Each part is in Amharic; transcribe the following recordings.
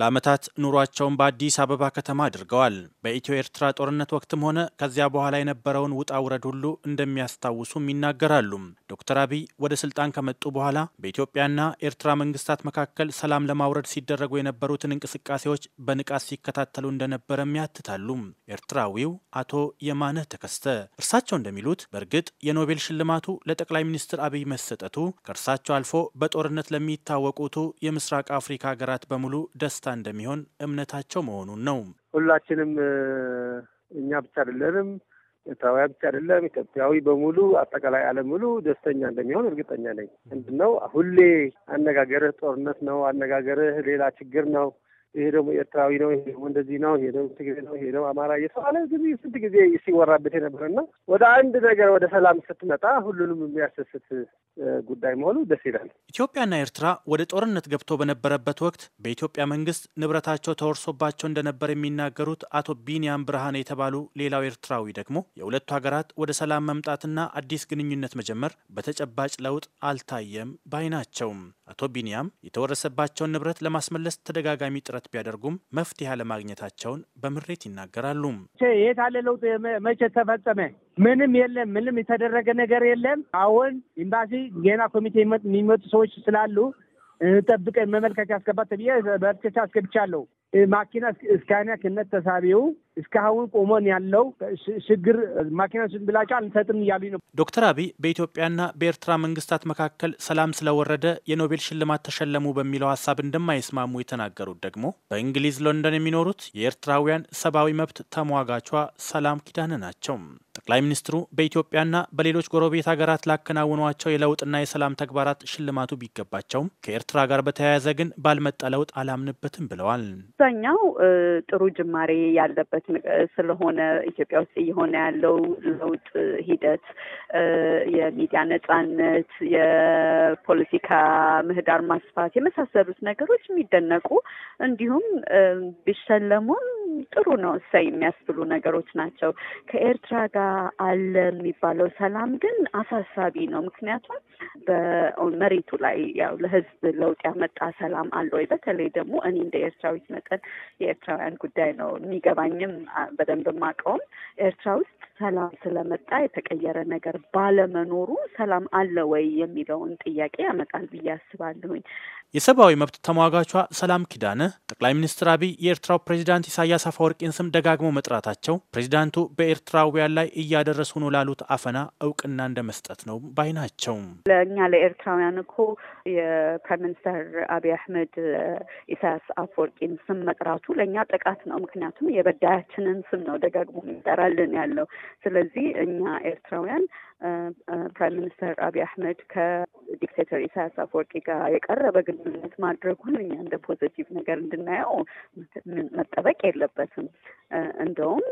ለዓመታት ኑሯቸውን በአዲስ አበባ ከተማ አድርገዋል። በኢትዮ ኤርትራ ጦርነት ወቅትም ሆነ ከዚያ በኋላ የነበረውን ውጣ ውረድ ሁሉ እንደሚያስታውሱም ይናገራሉ። ዶክተር አብይ ወደ ስልጣን ከመጡ በኋላ በኢትዮጵያና ኤርትራ መንግስታት መካከል ሰላም ለማውረድ ሲደረጉ የነበሩትን እንቅስቃሴዎች በንቃት ሲከታተሉ እንደነበረም ያትታሉ። ኤርትራዊው አቶ የማነ ተከስተ እርሳቸው እንደሚሉት በእርግጥ የኖቤል ሽልማቱ ለጠቅላይ ሚኒስትር አብይ መሰጠቱ ከእርሳቸው አልፎ በጦርነት ለሚታወቁቱ የምስራቅ አፍሪካ ሀገራት በሙሉ ደስ ደስታ እንደሚሆን እምነታቸው መሆኑን ነው። ሁላችንም እኛ ብቻ አይደለንም፣ ኤርትራዊ ብቻ አይደለም፣ ኢትዮጵያዊ በሙሉ አጠቃላይ ዓለም ሙሉ ደስተኛ እንደሚሆን እርግጠኛ ነኝ። ምንድነው ሁሌ አነጋገርህ ጦርነት ነው፣ አነጋገርህ ሌላ ችግር ነው ይሄ ደግሞ ኤርትራዊ ነው፣ ይሄ ደግሞ እንደዚህ ነው፣ ይሄ ደግሞ ትግሬ ነው፣ ይሄ ደግሞ አማራ እየተባለ ጊዜ ስንት ጊዜ ሲወራበት የነበረና ወደ አንድ ነገር ወደ ሰላም ስትመጣ ሁሉንም የሚያስደስት ጉዳይ መሆኑ ደስ ይላል። ኢትዮጵያና ኤርትራ ወደ ጦርነት ገብቶ በነበረበት ወቅት በኢትዮጵያ መንግስት ንብረታቸው ተወርሶባቸው እንደነበር የሚናገሩት አቶ ቢንያም ብርሃን የተባሉ ሌላው ኤርትራዊ ደግሞ የሁለቱ ሀገራት ወደ ሰላም መምጣትና አዲስ ግንኙነት መጀመር በተጨባጭ ለውጥ አልታየም ባይ ናቸውም። አቶ ቢንያም የተወረሰባቸውን ንብረት ለማስመለስ ተደጋጋሚ ጥረት ቢያደርጉም መፍትሄ አለማግኘታቸውን በምሬት ይናገራሉ። የት አለ ለውጥ? መቼ ተፈጸመ? ምንም የለም። ምንም የተደረገ ነገር የለም። አሁን ኤምባሲ ገና ኮሚቴ የሚመጡ ሰዎች ስላሉ ጠብቀኝ መመልከቻ አስገባት ተብዬ መመልከቻ አስገብቻለሁ። ማኪና እስካይና ክነት ተሳቢው እስካሁን ቆሞን ያለው ችግር ማኪና ብላቸው አልሰጥም እያሉኝ ነው። ዶክተር አብይ በኢትዮጵያና በኤርትራ መንግስታት መካከል ሰላም ስለወረደ የኖቤል ሽልማት ተሸለሙ በሚለው ሀሳብ እንደማይስማሙ የተናገሩት ደግሞ በእንግሊዝ ሎንደን የሚኖሩት የኤርትራውያን ሰብአዊ መብት ተሟጋቿ ሰላም ኪዳን ናቸው። ጠቅላይ ሚኒስትሩ በኢትዮጵያና በሌሎች ጎረቤት ሀገራት ላከናወኗቸው የለውጥና የሰላም ተግባራት ሽልማቱ ቢገባቸውም ከኤርትራ ጋር በተያያዘ ግን ባልመጣ ለውጥ አላምንበትም ብለዋል። አብዛኛው ጥሩ ጅማሬ ያለበት ስለሆነ ኢትዮጵያ ውስጥ እየሆነ ያለው ለውጥ ሂደት የሚዲያ ነጻነት፣ የፖለቲካ ምህዳር ማስፋት የመሳሰሉት ነገሮች የሚደነቁ እንዲሁም ቢሸለሙም ጥሩ ነው እሰይ የሚያስብሉ ነገሮች ናቸው። ከኤርትራ ጋር አለ የሚባለው ሰላም ግን አሳሳቢ ነው። ምክንያቱም በመሬቱ ላይ ያው ለህዝብ ለውጥ ያመጣ ሰላም አለ ወይ? በተለይ ደግሞ እኔ እንደ ኤርትራዊት መጠን የኤርትራውያን ጉዳይ ነው የሚገባኝም በደንብ ማቀውም ኤርትራ ውስጥ ሰላም ስለመጣ የተቀየረ ነገር ባለመኖሩ ሰላም አለ ወይ የሚለውን ጥያቄ ያመጣል ብዬ አስባለሁኝ። የሰብአዊ መብት ተሟጋቿ ሰላም ኪዳነ ጠቅላይ ሚኒስትር አብይ የኤርትራው ፕሬዚዳንት ኢሳያስ የኢሳያስ አፈወርቂን ስም ደጋግሞ መጥራታቸው ፕሬዚዳንቱ በኤርትራውያን ላይ እያደረሱ ነው ላሉት አፈና እውቅና እንደ መስጠት ነው ባይ ናቸው። ለእኛ ለኤርትራውያን እኮ የፕራይም ሚኒስተር አብይ አህመድ ኢሳያስ አፈወርቂን ስም መጥራቱ ለእኛ ጥቃት ነው። ምክንያቱም የበዳያችንን ስም ነው ደጋግሞ ይጠራልን ያለው። ስለዚህ እኛ ኤርትራውያን ፕራይም ሚኒስተር አብይ አህመድ ዲክቴተር ኢሳያስ አፈወርቂ ጋር የቀረበ ግንኙነት ማድረጉን እኛ እንደ ፖዘቲቭ ነገር እንድናየው መጠበቅ የለበትም። እንደውም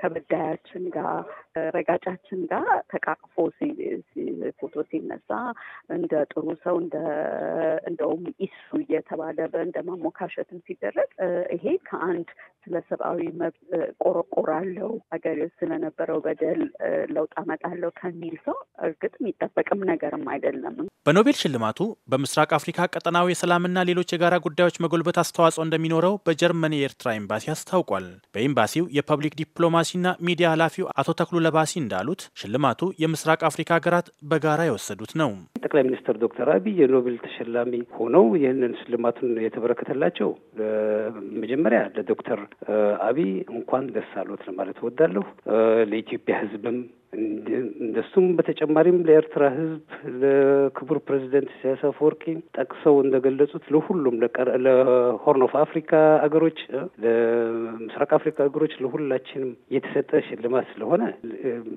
ከበዳያችን ጋር ረጋጫችን ጋር ተቃቅፎ ፎቶ ሲነሳ እንደ ጥሩ ሰው እንደውም ኢሱ እየተባለ እንደ ማሞካሸትም ሲደረግ ይሄ ከአንድ ስለ ሰብአዊ መብት ቆረቆራለው ሀገር ስለነበረው በደል ለውጥ አመጣለው ከሚል ሰው እርግጥ የሚጠበቅም ነገርም አይደለም። በኖቤል ሽልማቱ በምስራቅ አፍሪካ ቀጠናዊ የሰላምና ሌሎች የጋራ ጉዳዮች መጎልበት አስተዋጽኦ እንደሚኖረው በጀርመን የኤርትራ ኤምባሲ አስታውቋል። በኤምባሲው የፐብሊክ ዲፕሎማሲ ዲፕሎማሲና ሚዲያ ኃላፊው አቶ ተክሉ ለባሲ እንዳሉት ሽልማቱ የምስራቅ አፍሪካ ሀገራት በጋራ የወሰዱት ነው። ጠቅላይ ሚኒስትር ዶክተር አብይ የኖቤል ተሸላሚ ሆነው ይህንን ሽልማቱን የተበረከተላቸው መጀመሪያ ለዶክተር አብይ እንኳን ደስ አሎት ለማለት እወዳለሁ። ለኢትዮጵያ ሕዝብም እንደሱም በተጨማሪም ለኤርትራ ህዝብ ለክቡር ፕሬዚደንት ኢሳያስ አፈወርቂ ጠቅሰው እንደገለጹት ለሁሉም ለሆርን ኦፍ አፍሪካ አገሮች፣ ለምስራቅ አፍሪካ አገሮች ለሁላችንም የተሰጠ ሽልማት ስለሆነ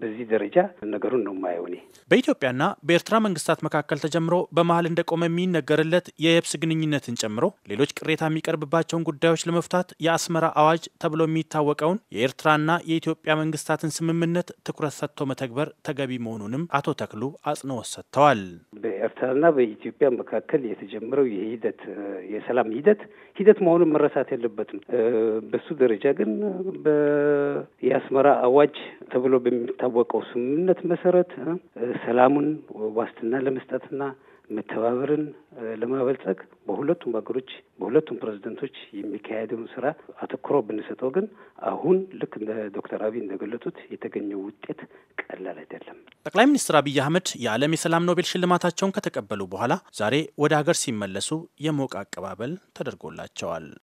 በዚህ ደረጃ ነገሩን ነው ማየው። እኔ በኢትዮጵያና በኤርትራ መንግስታት መካከል ተጀምሮ በመሀል እንደቆመ የሚነገርለት የየብስ ግንኙነትን ጨምሮ ሌሎች ቅሬታ የሚቀርብባቸውን ጉዳዮች ለመፍታት የአስመራ አዋጅ ተብሎ የሚታወቀውን የኤርትራና የኢትዮጵያ መንግስታትን ስምምነት ትኩረት ሰጥቶ መተግበር ማስተባበር ተገቢ መሆኑንም አቶ ተክሉ አጽንኦት ሰጥተዋል። በኤርትራና በኢትዮጵያ መካከል የተጀመረው የሂደት የሰላም ሂደት ሂደት መሆኑን መረሳት የለበትም። በሱ ደረጃ ግን የአስመራ አዋጅ ተብሎ በሚታወቀው ስምምነት መሰረት ሰላሙን ዋስትና ለመስጠትና መተባበርን ለማበልጸግ በሁለቱም ሀገሮች በሁለቱም ፕሬዝደንቶች የሚካሄደውን ስራ አተኩሮ ብንሰጠው ግን አሁን ልክ እንደ ዶክተር አብይ እንደገለጡት የተገኘው ውጤት ቀላል አይደለም። ጠቅላይ ሚኒስትር አብይ አህመድ የዓለም የሰላም ኖቤል ሽልማታቸውን ከተቀበሉ በኋላ ዛሬ ወደ ሀገር ሲመለሱ የሞቀ አቀባበል ተደርጎላቸዋል።